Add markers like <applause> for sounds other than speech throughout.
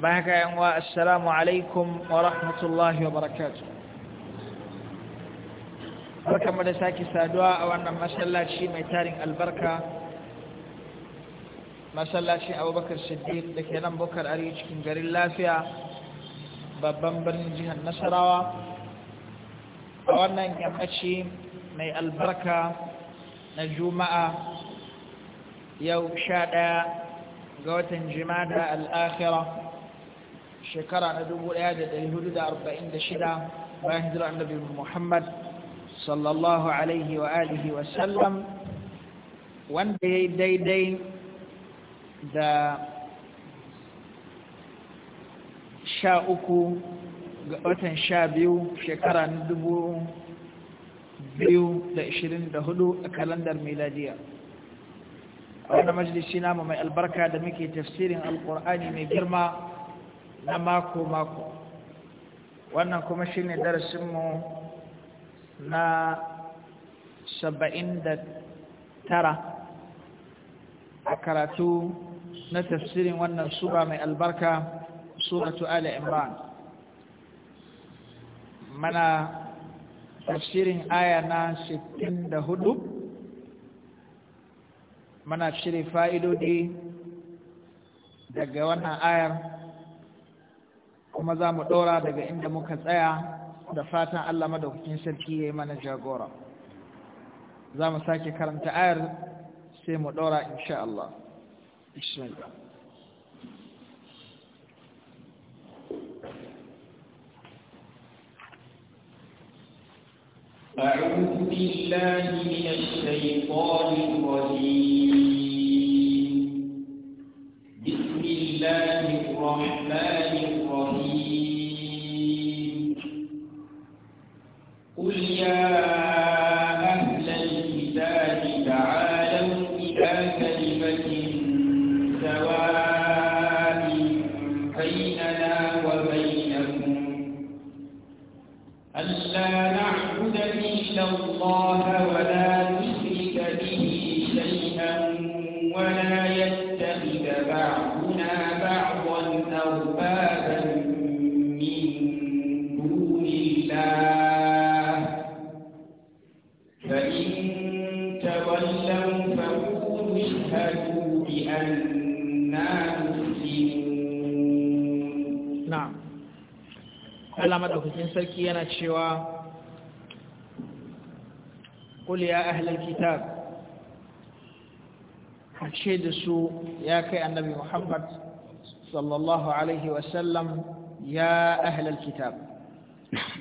bayan haka yan wa assalamu alaikum wa rahmatullahi wa barakatuh barkanmu da sake saduwa a wannan masallaci mai tarin albarka masallacin abubakar siddiq da ke nan bukar arewa cikin garin lafiya babban birnin jihar nasarawa a wannan yammaci mai albarka na juma'a yau sha ɗaya ga watan al al'akhira شكرا ندوب الآيات الهدود أربعين دشدا ما يهدر عن نبي محمد صلى الله عليه وآله وسلم وان دي دي دي دا شا أكو وطن شا بيو شكرا ندوب بيو دا إشرين دا أكالندر ميلادية وانا مجلسينا ممي البركة دميكي تفسير القرآن ميجرما ومجلسينا na mako-mako wannan kuma shi ne darasinmu na saba'in da tara a karatu na tafsirin wannan sura mai albarka suratu ala imran mana tafsirin aya na da hudu mana shirin fa'idodi daga wannan ayar kuma za mu ɗora daga inda muka tsaya da fatan Allah madaukakin sarki ya yi mana jagora za mu sake karanta ayar sai mu ɗora insha Allah أعوذ بالله من الشيطان الرجيم da su ya kai annabi Muhammad sallallahu alaihi wasallam ya ahlal kitab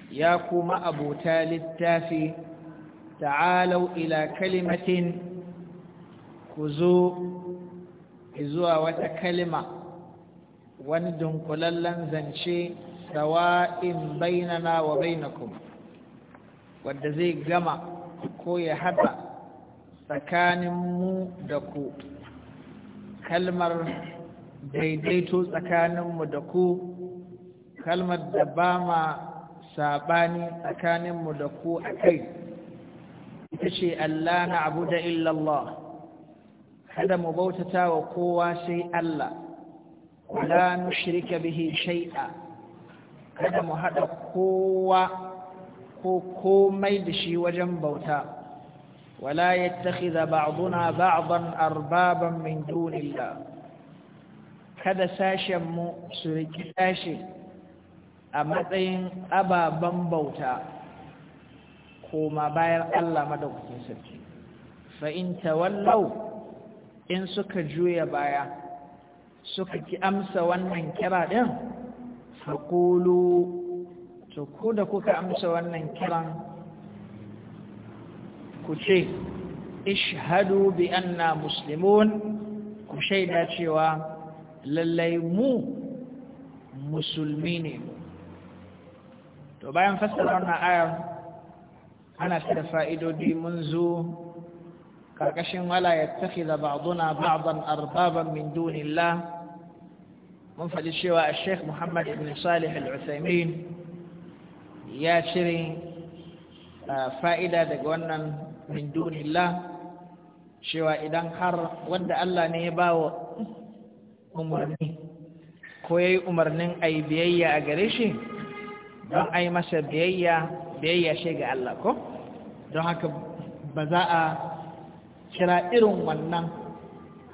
ya kuma abota littafi ta'alau ila kalimatin ku zo zuwa wata kalima wani dunkulallen zance sawa'in bainana wa bainakum wadda zai gama ko ya haɗa tsakanin mu da ku kalmar daidaito tsakaninmu da ku kalmar da ba ma saɓani tsakaninmu da ku a kai ita ce Allah na abu da illallah kada mu bautata wa kowa sai Allah wala nushrika bihi shai'a kada mu haɗa kowa ko komai da shi wajen bauta ولا يتخذ بعضنا بعضا أربابا من دون الله kada sashenmu su riki sashe a matsayin ababen bauta koma bayan Allah madaukakin sarki fa in tawallau in suka juya baya suka ki amsa wannan kira din fa qulu to ko da kuka amsa wannan kiran ku ce ishhadu bi anna muslimun ku shaida cewa lallai mu musulmi ne to bayan fassara wannan aya ana ta da fa'idodi mun zo karkashin wala ya tafi da ba'aduna ba'adan arbaban min dunillah mun faɗi cewa a sheikh muhammad ibn salih al ya cire ah, fa'ida daga wannan min dunillah cewa idan har wanda Allah ne ya ba wa umarni ko ya yi umarnin ayi biyayya a gare shi don ayi masa biyayya biyayya shi ga Allah ko don haka ba za a kira irin wannan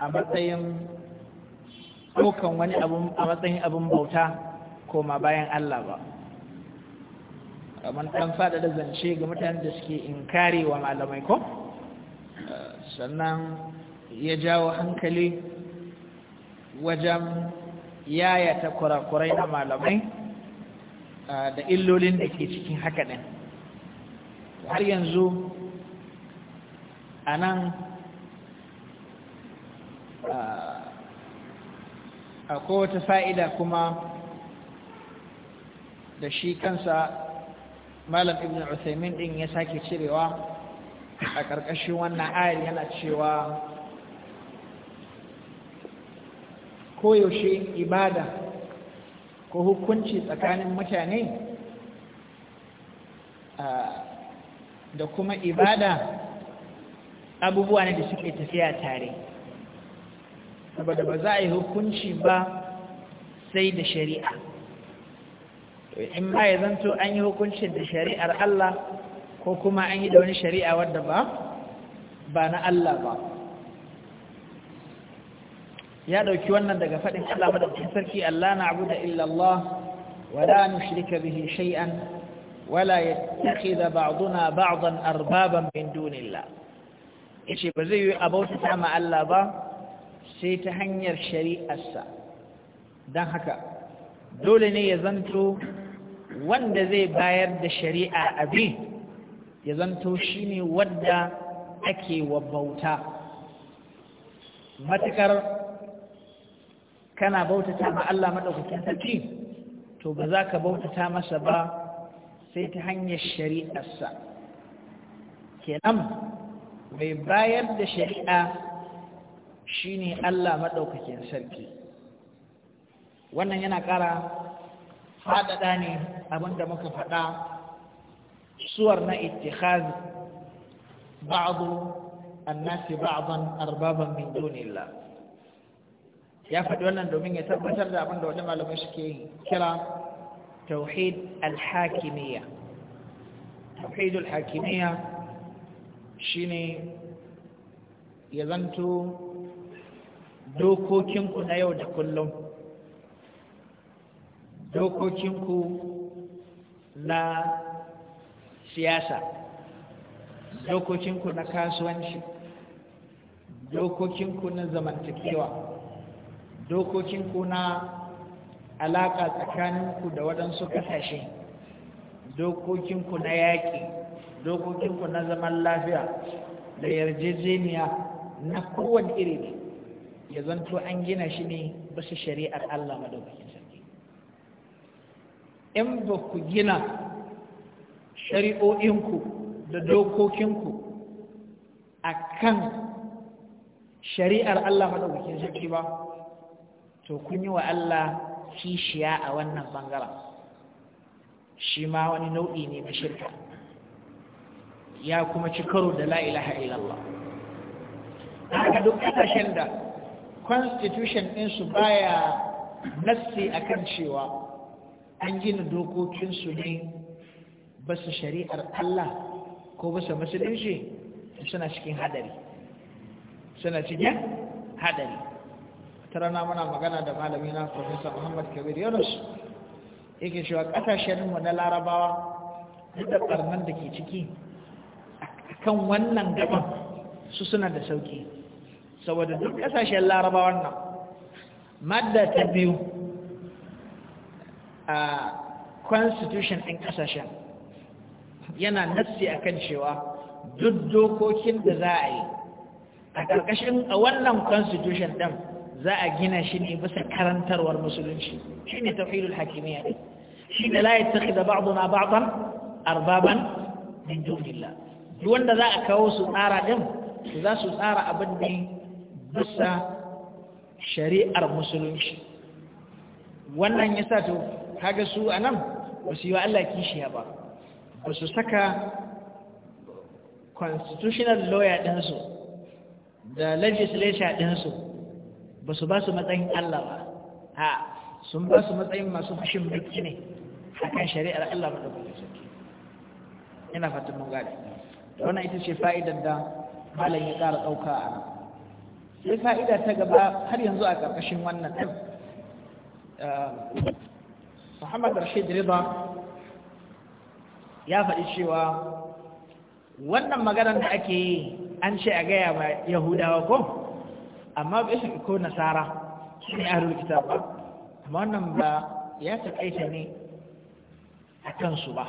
a matsayin dokan wani abin a matsayin abin bauta koma bayan Allah ba kamar ɗan da zance ga mutane da suke inkari wa malamai ko sannan ya jawo hankali wajen yayata kurakurai na malamai da illolin da ke cikin haka ɗin har yanzu a nan akwai wata fa'ida kuma da shi kansa malam ibn usaimin din ya sake cirewa a ƙarƙashin wannan ayar yana cewa koyaushe ibada ko hukunci tsakanin mutane da kuma ibada abubuwa ne da suke tafiya tare saboda ba za a yi hukunci ba sai da shari'a in ma ya zanto an yi hukuncin da shari'ar Allah ko kuma an yi da wani shari'a wadda ba ba na Allah ba ya ɗauki wannan daga faɗin Allah madaukakin sarki Allah na abu da illallah wala nushrika bihi shay'an wala yattakhidha ba'duna ba'dan arbaban min dunillah yace ba zai yi abota ma Allah ba sai ta hanyar shari'arsa don haka dole ne ya zanto wanda zai bayar da shari'a a abin ya zanto shi ne wadda ake wa bauta matukar kana bautata ma Allah maɗaukakin sarki to ba za ka bautata masa ba sai ta hanyar shari'arsa kenan mai bayar da shari'a shi ne Allah maɗaukakin sarki wannan yana ƙara faɗaɗa ne abinda muka faɗa suwar na ittikhaz ba'adu annasi ba'adan arbaban min dunillah ya faɗi wannan domin ya tabbatar da abinda wani malamai suke kira tauhid alhakimiyya tauhid alhakimiyya shine ya zanto dokokinku na yau da kullum dokokinku na siyasa dokokinku na kasuwanci dokokinku na zamantakewa dokokinku na alaƙa tsakaninku da waɗansu ƙasashe dokokinku na yaƙi dokokinku na zaman lafiya da yarjejeniya na kowane iri ya zanto an gina shi ne basu shari'ar Allah madauki in ba ku gina shari'o'inku da dokokinku a kan shari'ar Allah maɗaukakin sarki ba to kun yi wa Allah kishiya a wannan bangaren. shi ma wani nau'i ne na shirka ya kuma ci karo da la'ilaha illallah haka duk ƙasashen da constitution ɗinsu baya nassi akan cewa an gina dokokinsu ne ba su shari'ar Allah ko ba su musulunci suna cikin hadari suna cikin hadari tarana muna magana da malami na Professor Muhammad Kabir Yunus yake shi wa mu na Larabawa duk da karnan da ke ciki A kan wannan gaban su suna da sauki saboda duk kasashen Larabawan nan madda ta biyu a constitution ɗin ƙasashen yana nassi kan cewa duk dokokin da za a yi a ƙarƙashin a wannan constitution ɗin za a gina shi ne bisa karantarwar musulunci shi ne tafilul hakimiyya ne shi da la yattaki da ba'duna ba'dan arbaban duk wanda za a kawo su tsara ɗin su za su tsara abin ne bisa shari'ar musulunci wannan yasa to kaga su a nan ba su yi wa Allah kishiya ba ba su saka constitutional lawyer ɗinsu da legislature ɗinsu ba su ba su matsayin Allah ba ha sun ba su matsayin masu fashin mulki ne a kan shari'ar Allah ba da kuma ina fatan mun gane da wannan ita ce fa'idar da malam ya ƙara ɗauka a nan sai fa'ida ta gaba har yanzu a ƙarƙashin wannan ɗin ah, Muhammad Rashid Riba ya faɗi cewa wannan maganar da ake yi an ce a gaya ba Yahudawa ko amma bai su ko nasara shi ne aro kitab ba amma wannan ba ya taƙaita ne a kansu ba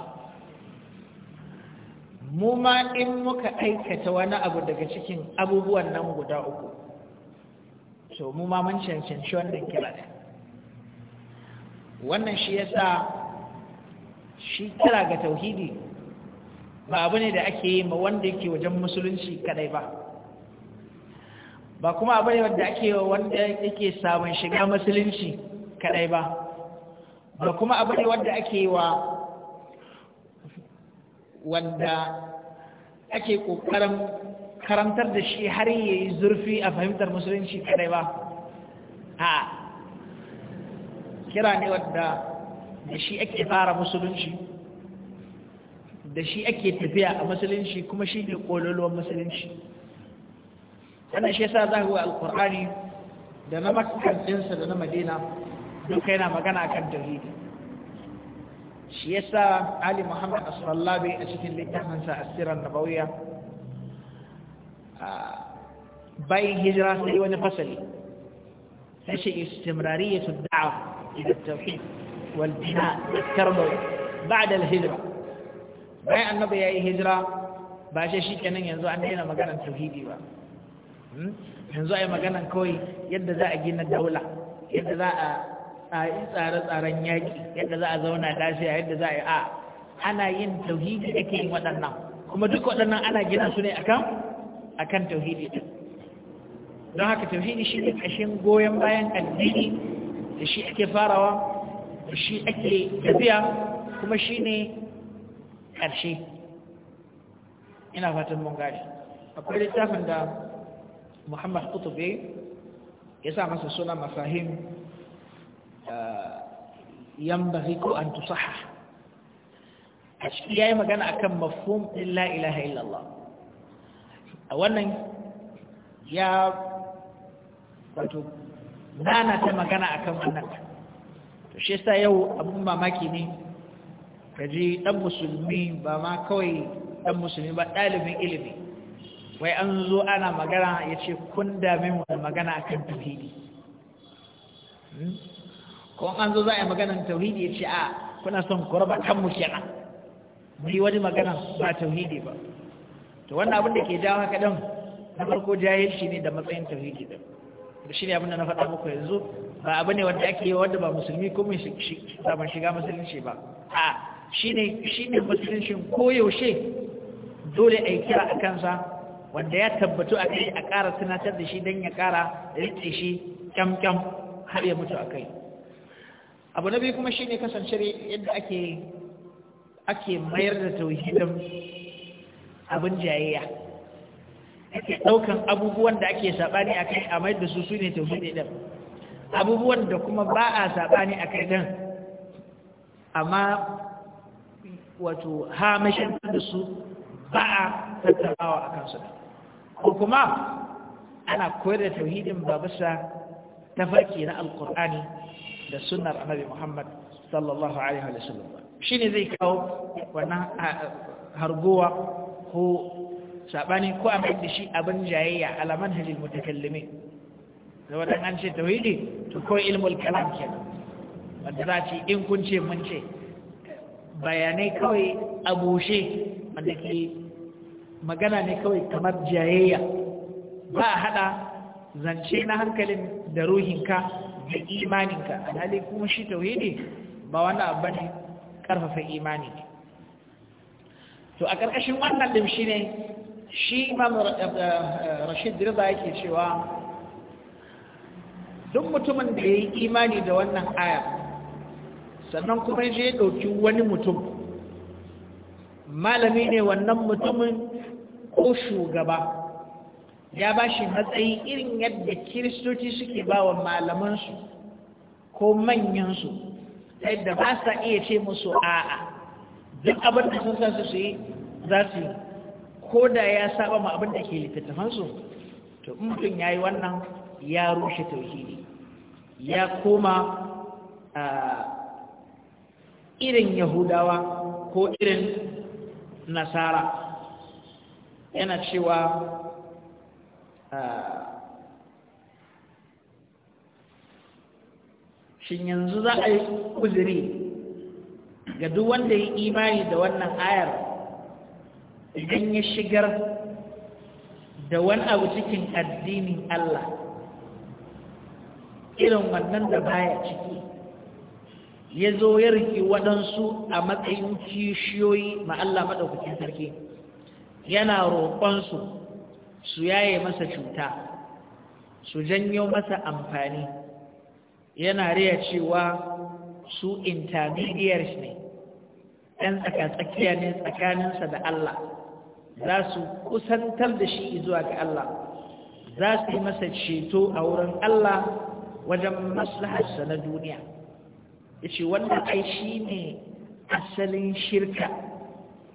mu ma in muka aikata wani abu daga cikin abubuwan nan guda uku to mu ma mun cancanci wannan kira ɗin wannan shi ya sa, shi kira ga tauhidi ba abu ne da ake yi ma wanda yake wajen musulunci kadai ba ba kuma abu ne wanda ake yi wanda yake sabon shiga musulunci kadai ba ba kuma abu ne wanda ake yi wa wanda ake kokarin karantar da shi har yayi zurfi a fahimtar musulunci kadai ba a kira ne wadda da shi ake fara musulunci da shi ake tafiya a musulunci kuma shi ne ƙololuwan musulunci wannan shi yasa za wa alƙur'ani da na makardinsa da na madina duka yana magana kan tauhidi shi yasa ali muhammad asfallabi a cikin littafinsa asirar nabawiya bayan hijira sai wani fasali rashin istimrariya su da'a ila tauhid wal bina karmo ba'da al hijra bayan annabi yayi hijira ba shi shikenan yanzu an daina maganar tauhidi ba yanzu ai maganar kawai yadda za a gina daula yadda za a yi tsare-tsaren yaƙi yadda za a zauna tasia yadda za a yi a ana yin tauhidi ake yin waɗannan kuma duk waɗannan ana gina su ne akan akan tauhidi don haka tauhidi shi ne ƙashin goyon bayan addini da shi ake farawa da shi ake tafiya kuma shi ne ƙarshe ina fatan mun akwai littafin da muhammad kutube ya sa masa suna masahim eh, yan ko an tusaha a ya yi magana a kan mafhum ɗin la'ilaha illallah a wannan ya wato nana ta magana kan wannan to shi sa yau abun mamaki ne ji ɗan musulmi ba ma kawai ɗan musulmi ba dalibin ilimi wai an zo ana magana ya ce kun damin wani magana akan tauhidi hmm? ko an zo za a yi a tauhidi ya ce a kuna son ku raba kanmu kenan mu yi wani magana ba tauhidi ba to wannan abin da ke jawo haka din na farko jahilci ne da matsayin tauhidi din shi ne abin na faɗa muku yanzu ba abu ne wanda ake yi wanda ba musulmi ko mai shiga musulunci ba a shi ne musuluncin koyaushe dole a yi kira a kansa wanda ya tabbatu a kai a ƙara tunatar da shi don ya ƙara riƙe shi kyamkyam har ya mutu a kai abu na biyu kuma shi ne kasancewar yadda ake ake mayar da tauhidin abin jayayya ake ɗaukan abubuwan da ake saɓani a kai a mai da su su ne tauhidi ɗan abubuwan da kuma ba a saɓani a kai ɗan amma wato hamashin da su ba a tattabawa a kansu ko kuma ana koyar da tauhidin ba bisa farki na alkur'ani da sunnar annabi muhammad sallallahu alaihi wa sallam shi ne zai kawo wannan harguwa ko sabani ko a mai shi abin jayayya alaman halil mutakallime da wadan an ce tawhidi to ko ilmul kalam ke wanda za ce in kun ce mun ce bayanai kawai a bushe wanda ke magana ne kawai kamar jayayya ba a haɗa zance na hankalin da ruhinka da imaninka alhali kuma shi tauhidi ba wani abu ne ƙarfafa imani to a ƙarƙashin wannan ɗin shi ne shi imam eh, eh, rashid rida yake cewa duk mutumin da ya yi imani da wannan aya sannan kuma ya ya ɗauki wani mutum malami ne wannan mutumin ko shugaba ya ba shi matsayi irin yadda kiristoci suke ba wa malamansu ko manyansu ta yadda ba sa iya ce musu a'a duk abin da sun sa su yi za su yi ko da ya saba ma abin da ke littattafansu to in mutum ya yi wannan ya rushe tauhidi ya koma irin yahudawa ko irin nasara yana cewa shin yanzu za a yi uzuri ga duk wanda ya imani da wannan ayar idan ya shigar da wani abu cikin addinin Allah irin wannan da baya ciki ya zo ya riƙe waɗansu a matsayin kishiyoyi ma Allah maɗaukakin sarki yana roƙonsu su yaye masa cuta su janyo masa amfani yana riya cewa su intermediaries ne ɗan tsakiya ne tsakaninsa da Allah za su kusantar da shi zuwa ga Allah za su yi masa ceto a wurin Allah wajen maslaharsa na duniya ya ce wannan ai shi ne asalin shirka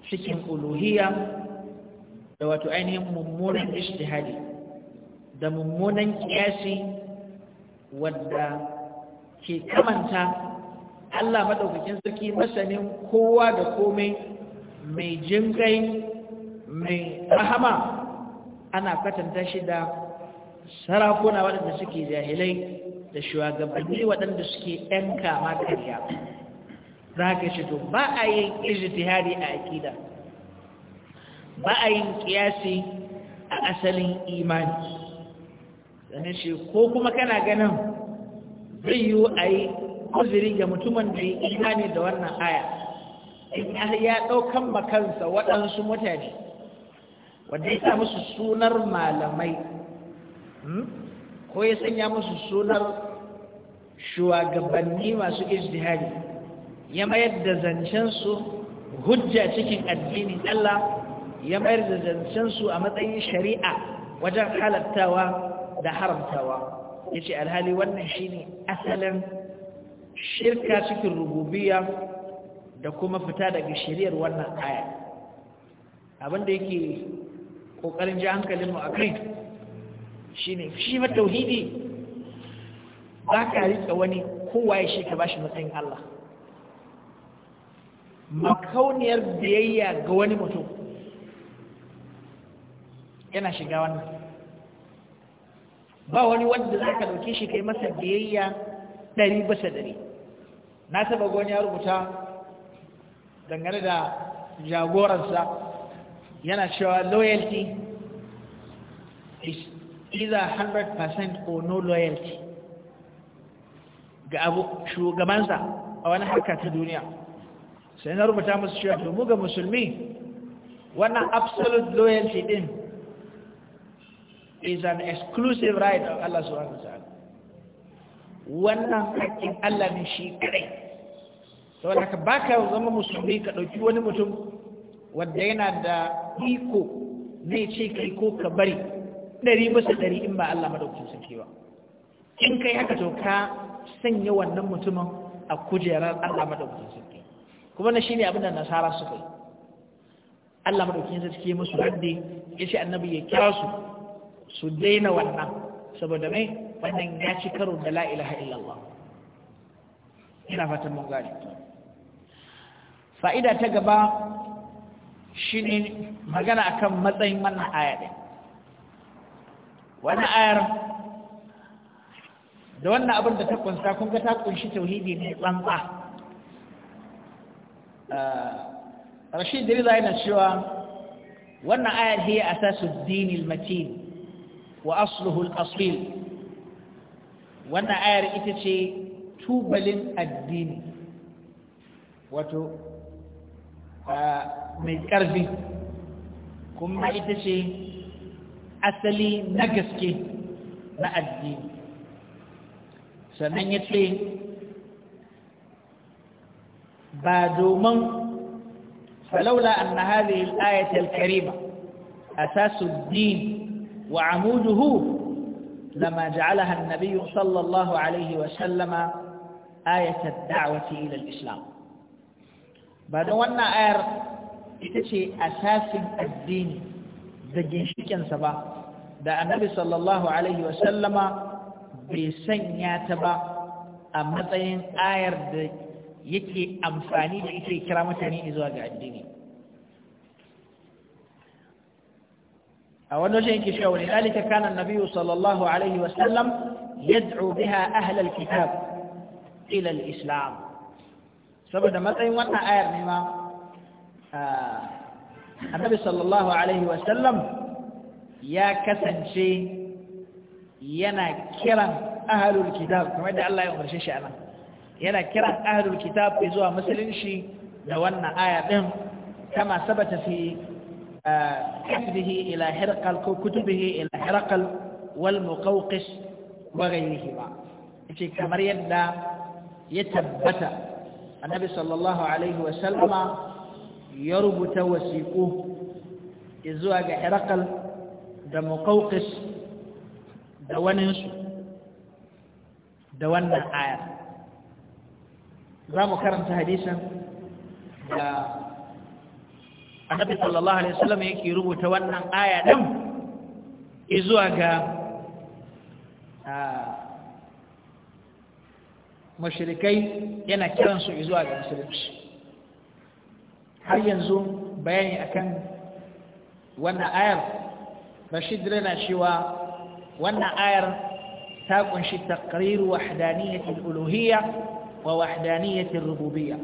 cikin uluhiyya da wato ainihin mummunan ishtihadi da mummunan kiyasi wadda ke kamanta Allah maɗaukakin sarki masanin kowa da komai mai jinkai mai rahama ana kwatanta shi da sarakuna waɗanda suke jahilai da shugabanni waɗanda suke ‘yan kama karya za ka shi to ba a yin ijtihadi a aƙida ba a yin ƙiyasi a asalin imani zane shi ko kuma kana ganin zai yi a yi kuziri ga mutumin da ya imani da wannan aya in ya ɗaukan makansa waɗansu mutane wanda ya sa musu sunar malamai hmm? ko ya sanya musu sunar shugabanni masu ijtihadi ya mayar da zancensu hujja cikin addinin Allah ya mayar da zancensu a matsayin shari'a wajen halattawa da haramtawa ya ce alhali wannan shine asalin shirka cikin rububiya da kuma fita daga shiriyar wannan aya abinda yake ƙoƙarin ji hankalinmu a kai shi ne shi ma tauhidi ba ka riƙe wani kowaye shi ka ba shi matsayin Allah makauniyar biyayya ga wani mutum yana shiga wannan ba wani wanda za ka ɗauki shi kai masa biyayya ɗari basa ɗari na saba gwani ya rubuta dangane da jagoransa yana cewa loyalty is either 100% or no loyalty ga abu shugabansa a wani harka ta duniya sai na rubuta musu cewa domin ga musulmi wannan absolute loyalty din is an exclusive right of Allah su wa ta'ala wannan hakkin Allah ne shi kadai saboda ka baka zama musulmi ka ɗauki wani mutum wadda yana da iko zai ce kai ko ka bari ɗari bisa ɗari in ba Allah madaukin sarki ba in kai haka to ka sanya wannan mutumin a kujerar Allah madaukin sarki kuma na shine abin da nasara suka yi Allah madaukin sarki ya musu hadde ya ce annabi ya kira su su daina wannan saboda mai wannan ya ci karo da la'ilaha illallah ina fatan mun gane fa'ida ta gaba shi ne magana kan matsayin wannan ayar. ɗin wannan ayar da wannan abin da ta kunsa kun ga ta kunshi tauhidi ne tsantsa eh, Rashin dirila yana cewa wannan ayar hiya asasu dini matin wa asluhu al-asil wannan ayar ita ce tubalin addini wato mai ƙarfi kuma ita ce asali na gaske na addini sannan ya ce ba domin falaula an na haɗe ayatul karima a sasuddin wa amuduhu لما جعلها النبي صلى الله عليه وسلم آية الدعوة إلى الإسلام ba wannan ayar ita ce asasin addini da ginshikinsa ba da annabi sallallahu alaihi wasallama bai sanya ta ba a matsayin ayar da yake amfani da ita kira mutane zuwa ga addini a wani wajen yake cewa wani ɗalika kanan nabiyu sallallahu alaihi wasallam yad'u biha ahlal kitab ilal islam saboda matsayin wannan ayar ne ma annabi sallallahu alaihi wasallam ya kasance yana kiran ahalul kitab kamar da Allah ya umarce shi anan yana kiran ahalul kitab zuwa musulunci da wannan aya din kama sabata fi kasbihi ila hirqal ko kutubihi ila hirqal wal muqawqis wa ghayrihi ba yace kamar yadda ya tabbata annabi sallallahu alaihi wasallama ya rubuta wasiƙu zuwa ga herakal da muqawqis da waninsu da wannan aya. za mu karanta hadisan da annabi sallallahu alaihi wasallam yake rubuta wannan aya din zuwa ga ah, mashirikai yana kiransu zuwa ga musulunci har yanzu bayani akan wannan ayar rashid rana cewa wannan ayar ta kunshi taqriru wahdaniyatil uluhiyya wa wahdaniyatir rububiyya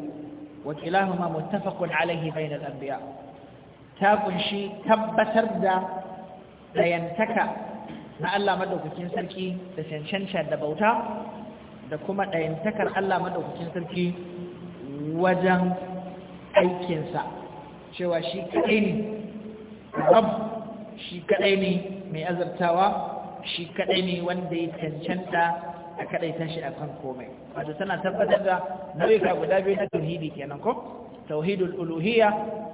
wa kilahuma muttafaqun alayhi bainal anbiya ta kunshi tabbatar da dayantaka na Allah madaukakin sarki da cancanta da bauta da kuma ɗayantakar Allah madaukakin sarki wajen aikinsa cewa shi kaɗai ne rab shi kaɗai ne mai azartawa shi kaɗai ne wanda ya cancanta a kaɗaita shi a kan komai wato tana tabbatar da nau'ika guda biyu na tauhidi kenan ko tauhidul uluhiyya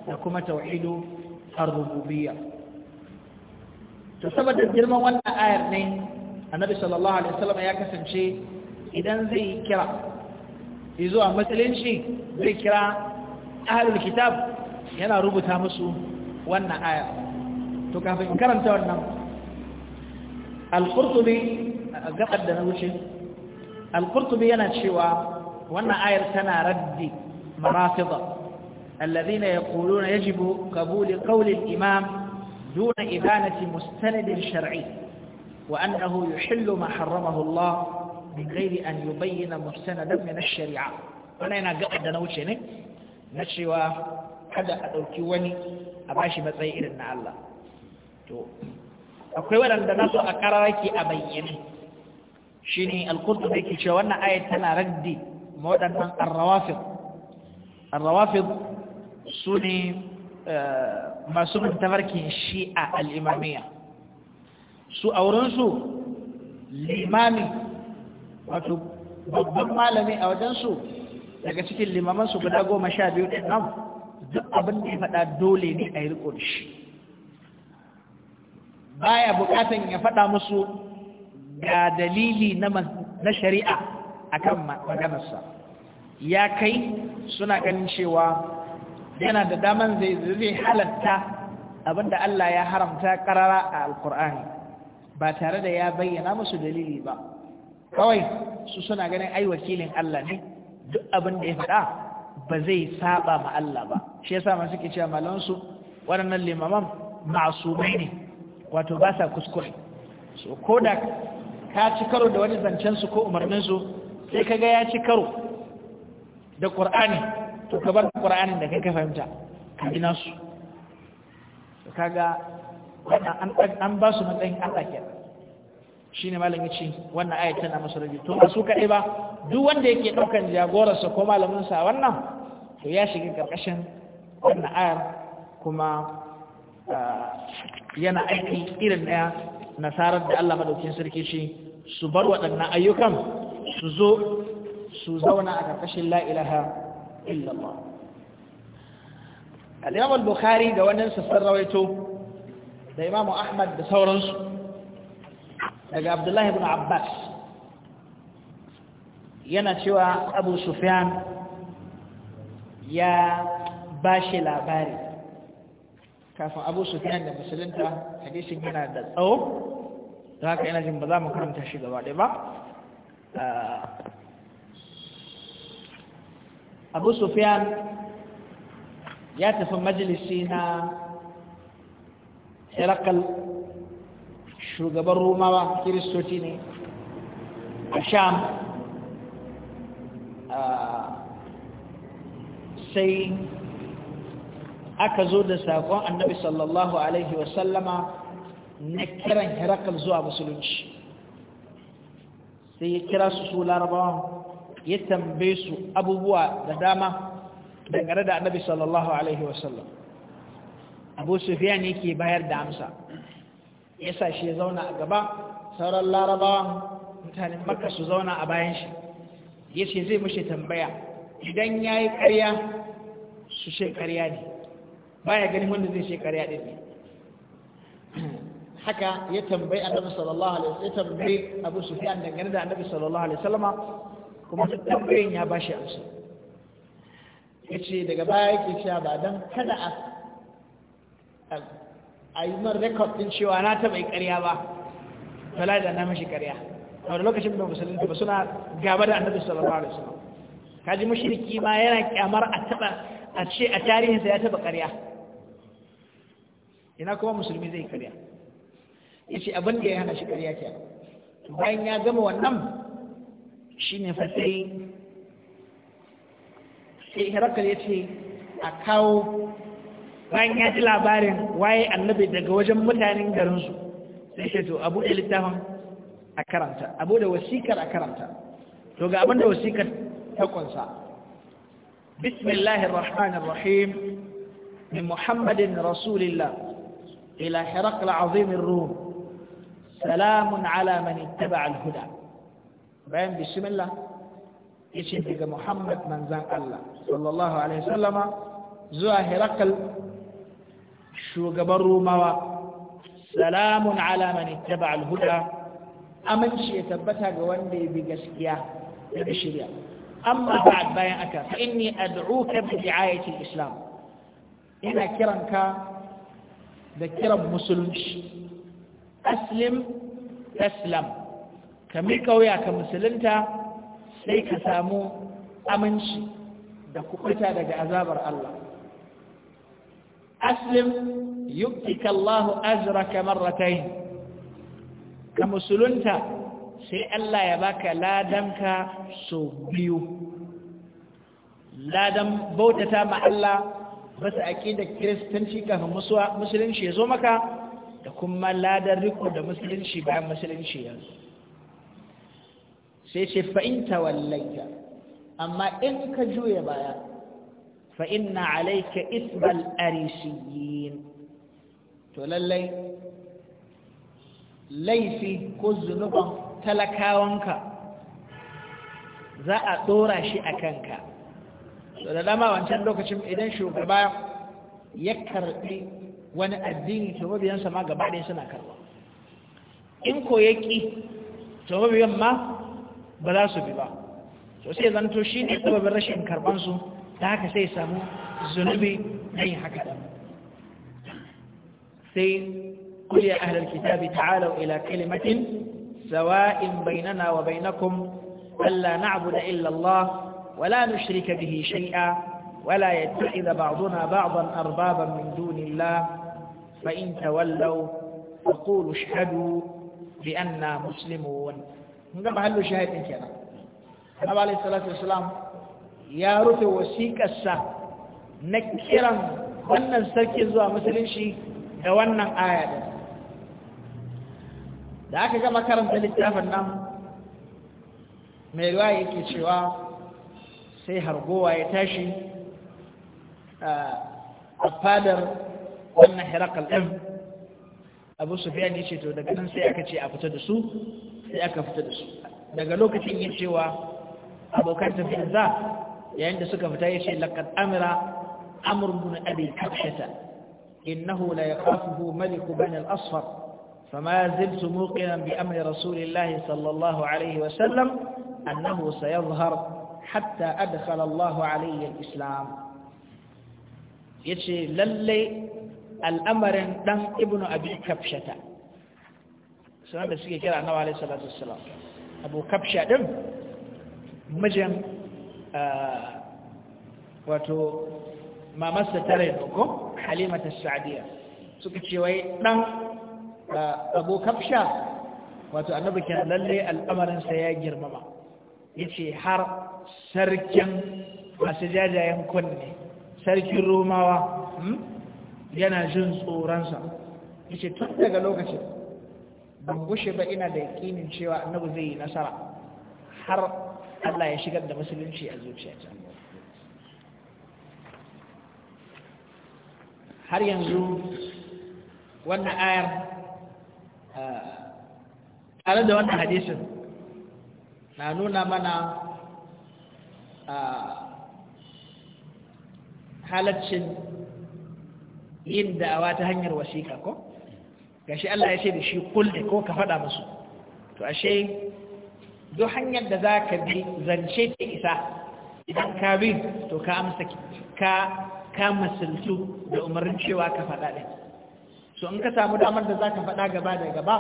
da kuma Tauhidu ar-rububiyya to saboda girman wannan ayar ne annabi sallallahu alaihi wasallam ya kasance idan zai yi kira yi zuwa matsalin shi zai kira ahalul kitab yana rubuta musu wannan aya to kafin karanta wannan al-qurtubi gabar da na wuce al-qurtubi yana cewa wannan ayar tana raddi marafida alladhina yaquluna yajibu qabul qawli al-imam duna ibanati mustanad shar'i wa annahu yuhillu ma harramahu Allah min ghairi an bayyana mustanadan min na sharia Wani yana gaban da na wuce ne na cewa kada a ɗauki wani a bashi matsayi irin na Allah to akwai waɗanda na so a kararraki a bayyane shi ne alkurtu da ke cewa wannan ayat tana ragdi? ma waɗannan arrawafin arrawafin su ne masu tafarkin shi'a al'imamiya su aurensu limami wato babban malami a wajen su daga cikin limamansu guda goma sha biyu ɗin nan duk abin da ya faɗa dole ne a yi riko da shi baya buƙatan ya faɗa musu ga dalili na shari'a akan maganarsa ya kai suna ganin cewa yana da daman zai zai halatta abinda Allah ya haramta karara a alkur'ani ba tare da ya bayyana musu dalili ba kawai su suna ganin ai wakilin Allah ne duk abin da ya faɗa ba zai saba ma Allah ba shi yasa ma suke cewa malansu waɗannan limaman masumai ne wato ba sa kuskure so ko da ka ci karo da wani zancen su ko umarnin su sai kaga ya ci karo da Qur'ani to ka bar Qur'ani da kai ka fahimta ka gina su kaga an ba su matsayin Allah kenan shine malam yaci wannan aya tana masa rabi to ba su ba duk wanda yake ɗaukar jagorarsa ko malamin sa wannan to ya shiga ƙarƙashin wannan ayar kuma yana aiki irin daya nasarar da Allah madaukakin sarki shi su bar waɗannan ayyukan su zo su zauna a karkashin la illallah al-imam al-bukhari da wannan sassan rawaito da imam ahmad da sauransu daga abdullahi ibn abbas yana cewa abu sufyan ya bashi labari kafin abu sufyan da musulunta hadisin yana da tsawo don haka yana jin ba za mu karanta shi gaba ɗaya ba abu sufyan ya tafi majalisi na herakal shugaban romawa kiristoci ne a sham ah, sai aka zo da saƙon annabi sallallahu alaihi wasallama na kiran herakal zuwa musulunci sai ya kira su su ya tambaye su abubuwa da dama dangane da annabi sallallahu alaihi wasallam abu ne ke bayar da amsa ya sa shi ya zauna a gaba sauran larabawan mutanen makka su zauna a bayan shi ya ce zai mushe tambaya idan ya yi karya su ce karya ne baya ganin wanda zai ce karya ɗin ne <clears throat> haka ya tambayi annabi sallallahu alaihi wasallam ya tambayi abu sufyan dangane da annabi sallallahu alaihi wasallama kuma tambayin ya bashi amsa yace daga baya yake cewa ba dan kada a a yi mar rekod din cewa na ta bai ƙarya ba tala da na mashi ƙarya a wani lokacin da musulun ba suna gaba da annabi sallallahu alaihi wasallam kaji mushriki ma yana kyamar a taba a ce a tarihinsa ya taɓa ƙarya ina kuma musulmi zai ƙarya ya ce abin da ya hana shi ƙarya ke bayan ya gama wannan shi ne fa sai sai herakal ya ce a kawo bayan ya ji labarin waye annabi daga wajen mutanen garinsu sai ce to abu da littafin a karanta abu da wasikar a karanta to ga abin da wasikar ta kunsa bismillahir rahmanir rahim min muhammadin rasulillah ila hirqal azim ar-rum salamun ala man ittaba al-huda bayan bismillah yace daga muhammad manzan Allah sallallahu alaihi wasallama zuwa hirqal shugaban romawa salamun ala man ittaba al-huda aminci ya tabbata ga wanda ya bi gaskiya ya shirya amma ba'd bayan aka fa inni ad'uka bi di'ayati al-islam ina kiranka da kiran musulunci aslim taslam ka mi wuya ka musulunta sai ka samu aminci da kuɓuta daga azabar Allah aslim yuktika Allahu ajraka marratayn ka musulunta sai Allah ya baka ladanka so biyu ladan bautata ma Allah basu aqidar kiristanci kafin musulunci ya zo maka da kuma ladan riko da musulunci bayan musulunci yanzu sai ce fa'inta wallaita amma in ka juya baya fa inna alayka isbal arishiyin to lallai laifi ko zunuban talakawanka za a dora shi a kanka to da dama wancan lokacin idan shugaba ya karbi wani addini to mabiyansa ma gaba ɗaya suna karba in ko ya ƙi to mabiyan ma ba za su bi ba So sai zanto shi ne sababin rashin karbansu ta haka sai samu zunubi na yin haka ɗan sai kuli a ahalar kitabi ta'alau ila kalimatin sawa'in bainana wa bainakum alla na'budu illa Allah wala nushrika bihi shay'a wala yattakhidha ba'duna ba'dan arbaban min dunillah fa in tawallaw faqulu ashhadu bi anna muslimun mun ga mahallu shahidin kenan Annabi alayhi salatu wassalam ya rufe wasiƙarsa na kiran wannan sarki zuwa musulunci da wannan aya da aka gama karanta littafin nan mai ruwa yake cewa sai hargowa ya tashi a fadar wannan herakal ɗin abu su fiye ce to daga nan sai aka ce a fita da su sai aka fita da su daga lokacin yin cewa abokan tafiya za يعني عندما سكفت أي شيء لقد أمر أمر بن أبي كبشة إنه لا يخافه ملك بن الأصفر فما زلت موقنا بأمر رسول الله صلى الله عليه وسلم أنه سيظهر حتى أدخل الله عليه الإسلام يتشي للي الأمر دم ابن أبي كبشة سنة بسكي كده عنه عليه الصلاة والسلام أبو كبشة دم مجم wato mamarsa tare da ko halimata sa'adiyya suka ce wai dan abu kafsha wato annabi kan lalle al'amarinsa ya girmama yace har sarkin masu jajayen kunne sarkin romawa hmm, yana jin tsoronsa yace tun daga lokacin ban gushe ba ina da yakinin cewa annabi zai yi nasara har Allah ya shigar da musulunci a zuciyata har yanzu wannan ayar ah, tare da wannan hadisin na nuna mana ah, halaccin yin da'awa ta hanyar wasiƙa ko gashi Allah ya ce da shi kulle ko ka faɗa musu to ashe duk hanyar da za ka bi zance ta isa idan ka bi to ka amsa ka ka masaltu da umarin cewa ka faɗa ɗin so in ka samu damar da za ka faɗa gaba da gaba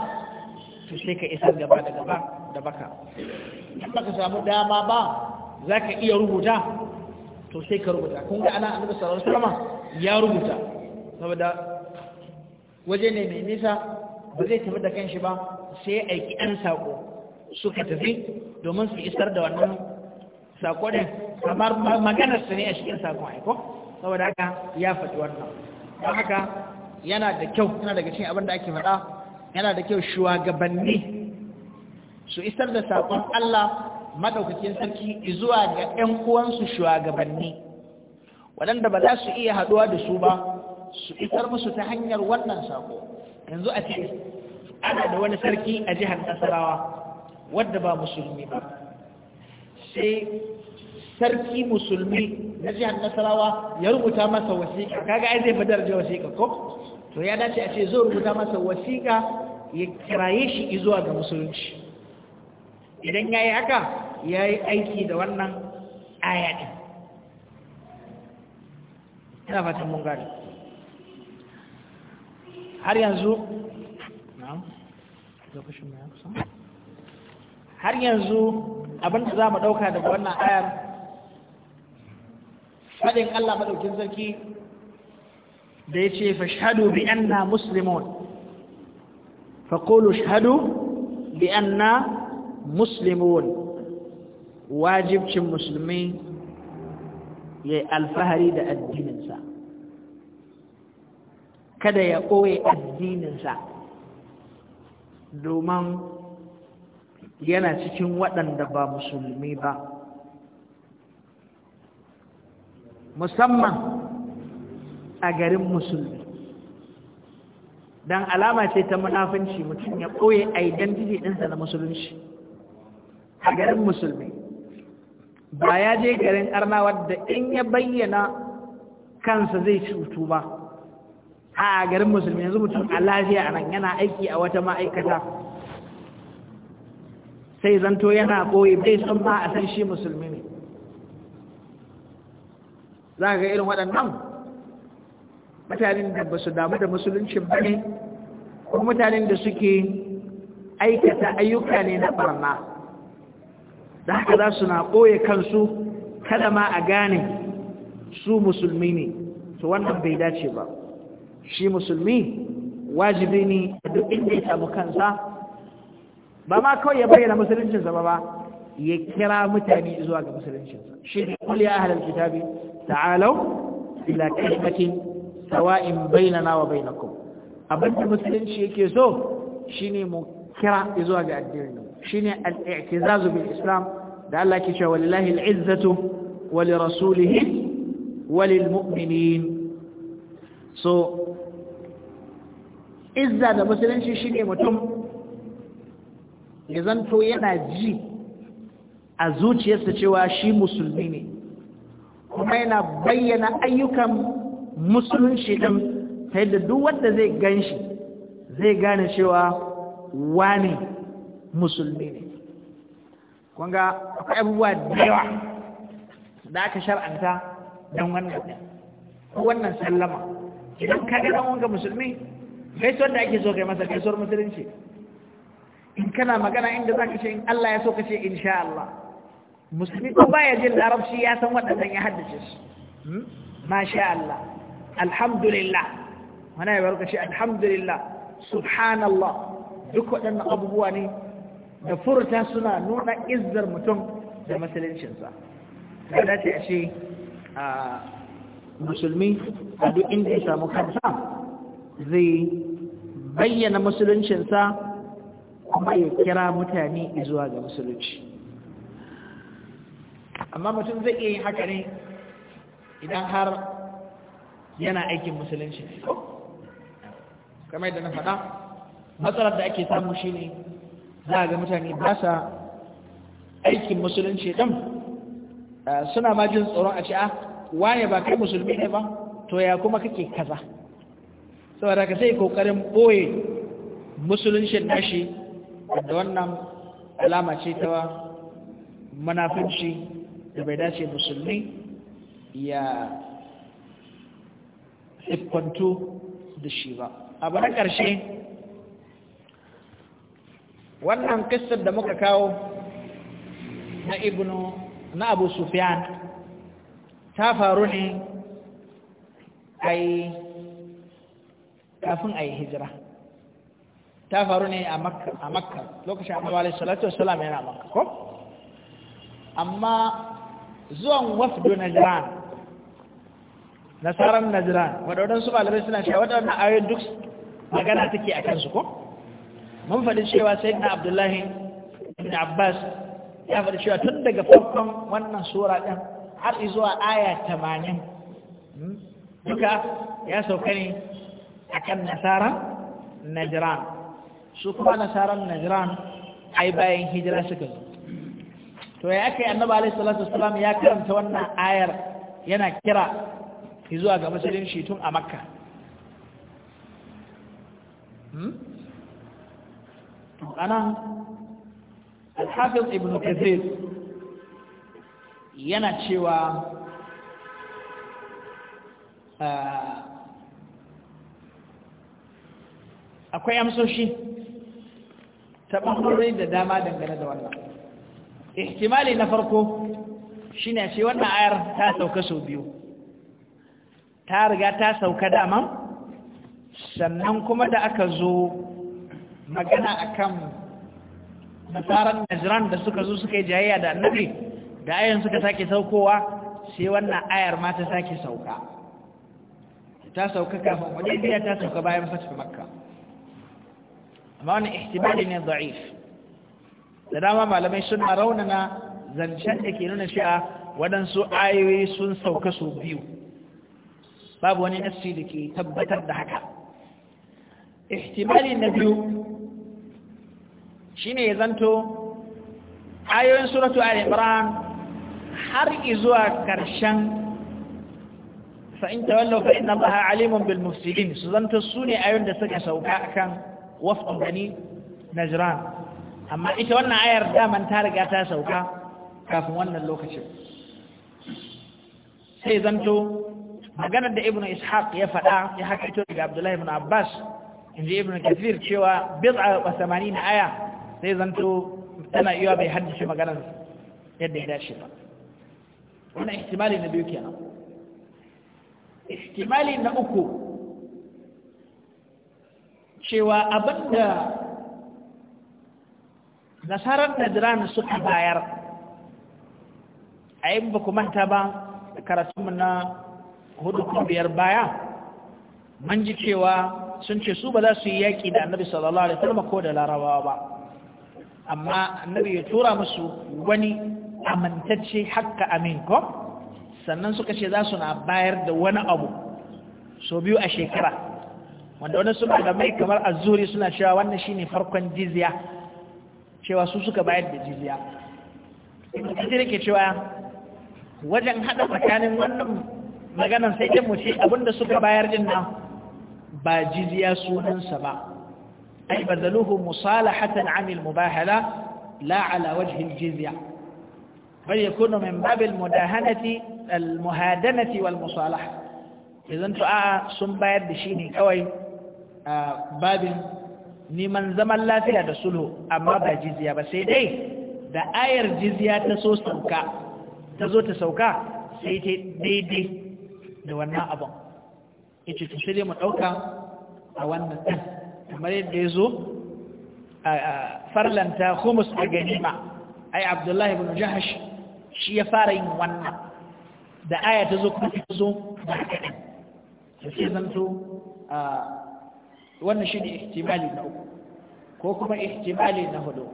to sai ka isar gaba da gaba da baka in ba ka samu dama ba za ka iya rubuta to sai ka rubuta kun ga ana annabi sallallahu alaihi wasallam ya rubuta saboda waje ne mai nisa ba zai tafi da kanshi ba sai aiki ɗan saƙo suka tafi domin su isar da wannan sako ɗin. kamar maganar su ne a cikin sakon aiko saboda haka ya faɗi wannan don haka yana da kyau yana daga cikin abin da ake faɗa yana da kyau shugabanni su isar da sakon Allah madaukakin sarki zuwa ga ƴan uwansu shugabanni waɗanda ba za su iya haɗuwa da su ba su isar musu ta hanyar wannan sako yanzu a ce ana da wani sarki a jihar nasarawa Wanda ba musulmi ba sai sarki musulmi na jihar nasarawa ya rubuta masa wasiƙa kaga ai zai fi daraja wasiƙa ko to ya dace a ce zai rubuta masa wasiƙa ya kiraye shi zuwa ga musulunci idan ya yi haka ya yi aiki da wannan aya ina fatan mun gani har yanzu na'am lokacin mai kusa har yanzu abin da za mu ɗauka daga wannan ayar faɗin Allah maɗaukin sarki da ya ce fashhadu bi anna muslimun faƙolu shahadu bi na wajibcin musulmi ya alfahari da addininsa kada ya ɓoye addininsa domin yana cikin waɗanda ba musulmi ba musamman a garin musulmi don alama ce ta munafunci mutum ya ɓoye identity ɗinsa na musulunci a garin musulmi ba ya je garin arnawa da in ya bayyana kansa zai cutu ba a garin musulmi yanzu mutum a lafiya nan yana aiki a wata ma'aikata sai zanto yana ɓoye bai san ba a san shi musulmi ne za ga irin waɗannan mutanen da ba su damu da musulunci ba ne ko mutanen da suke aikata ayyuka ne na barna da haka za su na ɓoye kansu kada ma a gane su musulmi ne to wannan bai dace ba shi musulmi wajibi ne a duk inda ya samu kansa ba ma kawai ya bayyana musuluncinsa ba ba ya kira mutane zuwa ga musuluncinsa shi ne kul ya ahlal kitabi ta'alau ila kalimatin sawa'in bainana wa bainakum abinda musulunci yake so shine mu kira zuwa ga addini shine al-i'tizazu bil islam da Allah ke cewa lillahi al-izzatu wa li rasulihi wa lil mu'minin so izza da musulunci shine mutum ya zanto yana ji a zuciyarsa cewa shi musulmi ne kuma yana bayyana ayyukan musulunci ɗin ta yadda duk wanda zai gan shi zai gane cewa wani musulmi ne kunga akwai abubuwa da yawa da aka shar'anta don wannan wannan sallama idan ka ga ɗan wanka musulmi gaisuwar da ake so kai masa gaisuwar musulunci in kana magana inda za ka ce in Allah ya so ka ce insha Allah musulmi ko baya jin larabci ya san waɗannan ya haddace su hmm? masha Allah alhamdulillah wani ya baro ka ce alhamdulillah subhanallah duk waɗannan abubuwa ne da furta suna nuna izzar mutum da musuluncinsa ya dace a ce musulmi a duk inda ya samu kansa zai bayyana musuluncinsa kuma ya kira mutane zuwa ga musulunci amma mutum zai iya yin haka ne idan har yana aikin musulunci kamar da na faɗa matsalar da ake samu shi ne za ga mutane ba sa aikin musulunci ɗan suna majin tsoron a ci'a a ah, ba kai musulmi ne ba to ya kuma kake kaza saboda ka sai kokarin ɓoye musuluncin nashi da wannan alama ce ta manafinci da bai dace musulmi ya siffantu da shi ba A na ƙarshe wannan kistar da muka kawo na ibnu na abu sufyan ta faru ne yi kafin a yi hijira ta faru ne a makka lokacin annabi alaihi salatu wasalam yana makka ko amma zuwan wafdu najiran nasaran najiran wadannan su malamai suna cewa wadannan ayoyin duk magana take a kansu ko mun faɗi cewa sai na abdullahi ibn abbas ya faɗi cewa tun daga farkon wannan sura ɗin har zuwa aya tamanin hmm, duka ya sauka ne kan nasaran najiran su kuma nasaran najran ai bayan hijira suka zo to ya kai annabi alaihi salatu wasalam ya karanta wannan ayar yana kira zuwa ga shi tun a makka hmm? al-hafiz ibn kathir yana cewa ah, akwai amsoshi ta da dama dangane da wannan ihtimali na farko shine shi wannan ayar ta sauka sau biyu ta riga ta sauka daman sannan kuma da aka zo magana akan nasaran najiran da suka zo suka yi jayayya da annabi da ayan suka sake saukowa sai wannan ayar ma ta sake sauka ta sauka kafin wajen biya ta sauka bayan fashe makka amma wani ihtimali ne da'if da dama malamai sun suna raunana zancen da ke nuna shi'a waɗansu ayoyi sun sauka su biyu babu wani nassi da ke tabbatar da haka ihtimali na biyu shine ya zanto ayoyin suratu al-imran har izuwa ƙarshen fa'in tawallau fa'in na baha alimun bil su zanto su ne ayon da suka sauka akan wasu na jiran amma ita wannan ayar daman ta riga ta sauka kafin wannan lokacin sai zanto maganar da ibnu ishaq ya faɗa ya haka ito daga abdullahi ibn abbas inji ibnu kathir cewa bid'a wa na aya sai zanto tana iya bai haddace maganar yadda ya dace ba wannan ihtimali na biyu kenan ihtimali na uku cewa abinda nasarar najran suka bayar a yin ba manta ba karatunmu na hudu biyar baya man ji cewa sun ce su ba za su yi yaƙi da annabi sallallahu alaihi wasallam ko da larabawa ba amma annabi ya tura musu wani amintacce hakka amin ko sannan suka ce za su na bayar da wani abu so biyu a shekara wanda wani suna da mai kamar azuri suna cewa wannan shine farkon jizya cewa su suka bayar da jizya jizya ke cewa wajen haɗa tsakanin wannan maganan sai ɗin mutu abinda suka bayar din nan ba jizya sunansa ba ai badaluhu musalahatan amil mubahala la ala wajhi jizya bal yakunu min babil mudahanati al muhadanati wal musalaha idan to a sun bayar da shi kawai babin neman zaman lafiya da sulhu amma ba jiziya ba sai dai da ayar jiziya ta so sauka ta zo ta sauka sai ta daidai da wannan abin ita ta sai mu ɗauka a wannan ɗan kamar yadda ya zo a farlanta humus a ganima ai abdullahi bin jahash shi ya fara yin wannan da aya ta zo kuma ta zo da haka ɗin da sai zanto wannan shi ne ihtimali na uku ko kuma ihtimali na hudu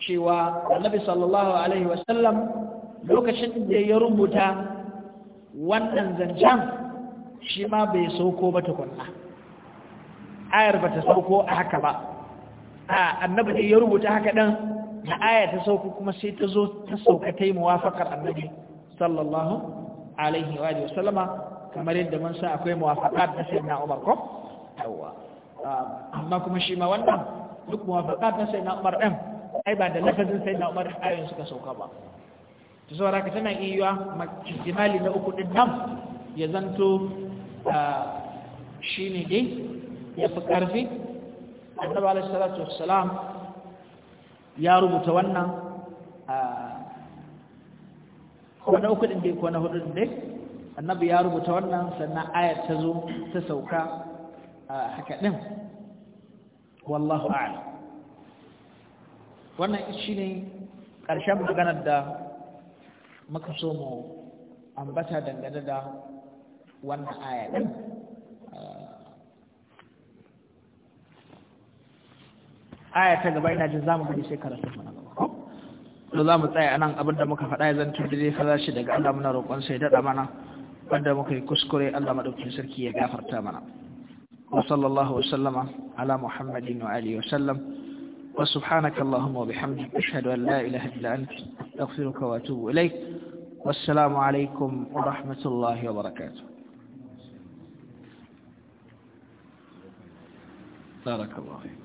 cewa annabi sallallahu alaihi wasallam lokacin da ya rubuta wannan zancen shi ma bai sauko ba tukunna ayar ba ta sauko a haka ba a annabi da ya rubuta haka ɗan na aya ta sauko kuma sai ta zo ta sauka ta yi muwafakar annabi sallallahu alaihi wa sallama kamar yadda mun sa akwai muwafakar da sai na umar ko yawa ah, amma kuma shi ma wannan duk muwafaqat na sayyidina Umar din ai ba da lafazin sayyidina Umar ayoyin suka sauka ba to saboda haka tana iya ihtimali na uku din nan ya zanto ah, shine dai ya fi karfi annabi alaihi salatu wassalam ya rubuta wannan ah, ko na uku din dai ko na hudu din dai annabi ya rubuta wannan sannan ayat ta zo ta sauka haka ɗin wallahu a'ala wannan shi ne ƙarshen maganar da muka so mu ambata dangane da wannan aya ɗin aya ta gaba ina jin za mu gudu sai karatu mana gaba za mu tsaya anan abin da muka faɗa ya zan da zai fara shi daga Allah muna roƙon sai daɗa mana wanda muka yi kuskure Allah maɗaukin sarki ya gafarta mana وصلى الله وسلم على محمد اله وسلم وسبحانك اللهم وبحمدك أشهد أن لا إله إلا أنت أغفرك وأتوب إليك والسلام عليكم ورحمة الله وبركاته بارك الله فيك